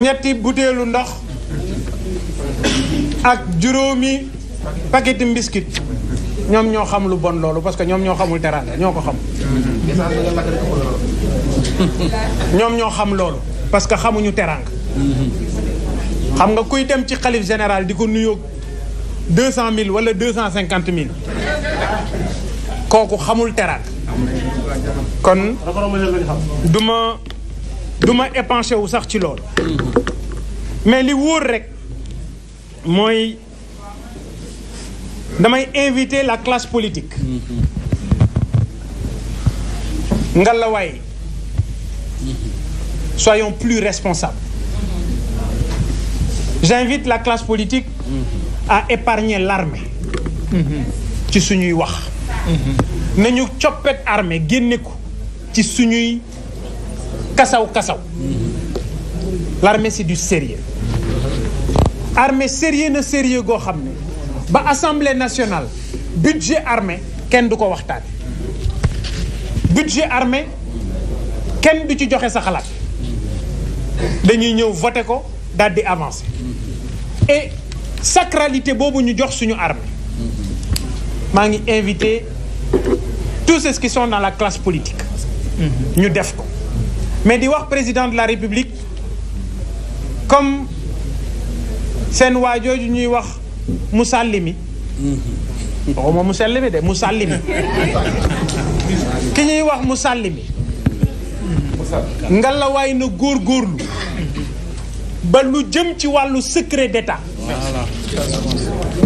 ñetti butéelu ndox ak juróomi paqueti mbiskit ñoom ñoo xam lu bon loolu parce que ñoom ñoo xamul teraanga ñoo ko xam ñoom ñoo xam loolu parce que xamuñu teraanga xam nga kuy dem ci xalif général di ko nuyoo deux cent mille wala deux cent cinquante mille kooku xamul teraanga kon duma du ma épanché wu sax ci loolu mais li wóor rek mooy damay invité la classe politique ngalawaay soyons plus responsables j'invite la classe politique à épargner l'armée ci suñuy wax nañu coppet armée génne ko ci suñuy kasaw kasaw l'armée c'est du sérieux armée sérieux na sérieux goo xam ne ba assemblée nationale budget armée kenn du ko waxtaan budget armée kenn du ci joxe sa xalaat dañuy ñëw voté ko daal di avancé et sacralité boobu ñu jox suñu armée maa ngi invité tous ceux qui sont la classe politique ñu def ko mais di wax président de la république comme seen waa jooju ñuy wax musallimi waxuma musallimi de musallimi ki ñuy wax musallimi ngalawaay na góor góorgóorlu ba lu jëm ci wàllu secret d'état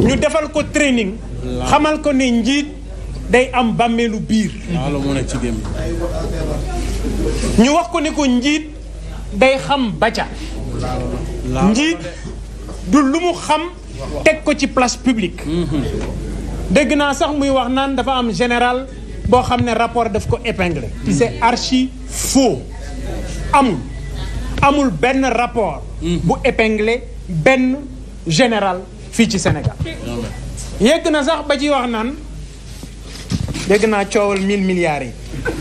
ñu defal ko training xamal ko ne njiit day am bàmmeelu biir ñu wax ko ne ko njiit day xam ba ca njiit du lu mu xam teg ko ci place publique dégg naa sax muy wax naan dafa am général boo xam ne rapport def ko épinglé c'est mm-hmm. archi faux amul amul benn rapport mm-hmm. bu épinglé benn général fii ci Sénégal mm-hmm. yegg na sax ba ci wax naan dégg naa coowal 1000 milliards yi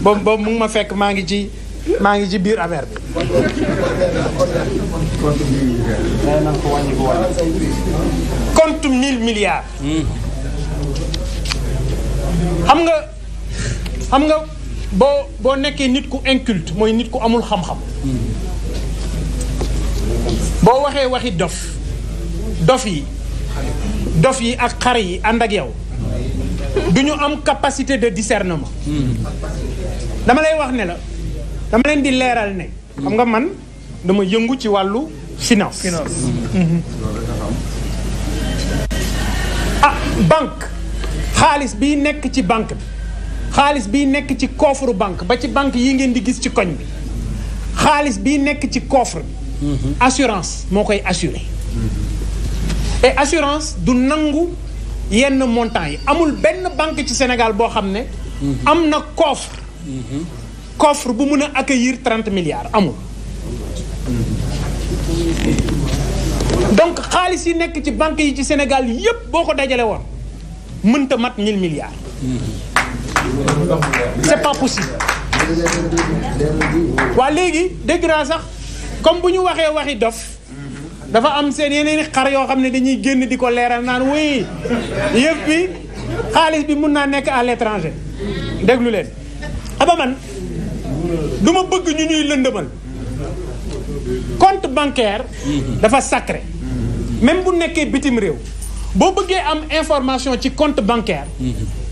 boobu boobu mu ma fekk maa ngi ci maa ngi ci biir affaire bi. compte 1000 milliards. xam nga xam nga boo boo nekkee nit ku inculte mooy nit ku amul xam-xam. boo waxee waxi dof dof yi dof yi ak xar yi ànd ak yow. du ñu am capacité de discernement. dama lay wax ne la dama leen di leeral ne. xam nga man dama yëngu ci wàllu finance. finance. Mm-hmm. ah banque xaalis biy nekk ci banque bi xaalis biy nekk ci coffre banque ba ci banque yi ngeen di gis ci koñ bi xaalis biy nekk ci coffre bi. Mm-hmm. assurance moo koy assure assurance du nangu. yenn montant yi amul benn banque ci Sénégal boo xam ne. am na coffre. coffre bu mun a accueillir trente milliards amul. donc xaalis yi nekk ci banque yi ci Sénégal yépp boo ko dajale woon mënta mat mille milliards. c'est pas possible. waa léegi dégg sax comme bu ñu waxee waxi dof. dafa am seen yeneen xar yoo xam ne dañuy génn di ko leeral naan oui yëf bi xaalis bi mun naa nekk à l'étranger déglu leen aba man du bëgg ñu ñuy lëndëmal compte bancaire dafa sacre même bu nekkee bitim réew boo bëggee am information ci compte bancaire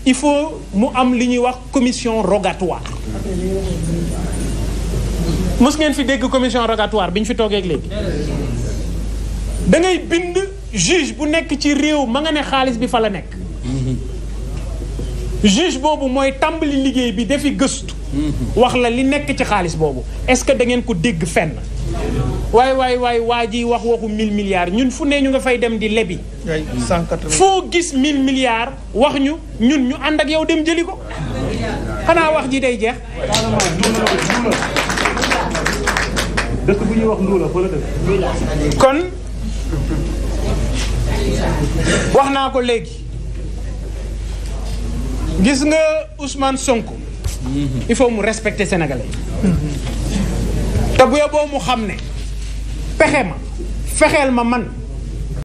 il faut mu am li ñuy wax commission rogatoire mos ngeen fi dégg commission rogatoire bi ñu fi toogee léegi da ngay bind juge bu nekk ci réew ma nga ne xaalis bi fa la nekk juge boobu mooy tàmbali liggéey bi dafi gëstu wax la li nekk ci xaalis boobu est-ce que da ngeen ko dégg fenn waaye waaye waay waa ji wax waxu mille milliards ñun fu ne ñu nga fay dem di lebi foo gis mille milliards wax ñu ñun ñu ànd ak yow dem jëli ko xanaa wax ji day jeex kon wax naa ko léegi gis nga Ousmane Sonko. il faut mu respecter sénégalais te bu yeboo mu xam ne pexe ma fexeel ma man.